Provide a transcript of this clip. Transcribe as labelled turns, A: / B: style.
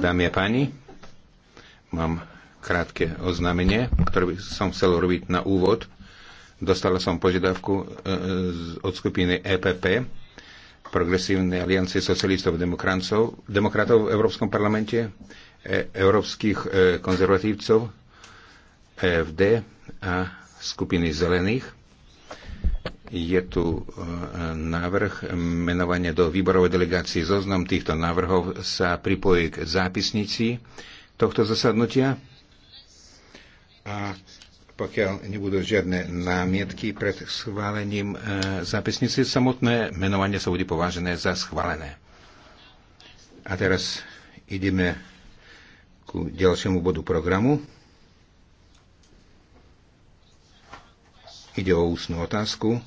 A: Dámy a páni, mám krátke oznámenie, ktoré by som chcel robiť na úvod. Dostala som požiadavku e, od skupiny EPP, Progresívnej aliancie socialistov a demokratov, demokratov v Európskom parlamente, e, európskych e, konzervatívcov, EFD a skupiny zelených, je tu e, návrh menovania do výborovej delegácie. Zoznam týchto návrhov sa pripojí k zápisnici tohto zasadnutia. A pokiaľ nebudú žiadne námietky pred schválením e, zápisnici, samotné menovanie sa bude považené za schválené. A teraz ideme ku ďalšiemu bodu programu.
B: Ide o ústnu otázku.